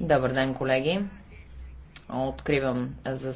Добър ден, колеги. Откривам за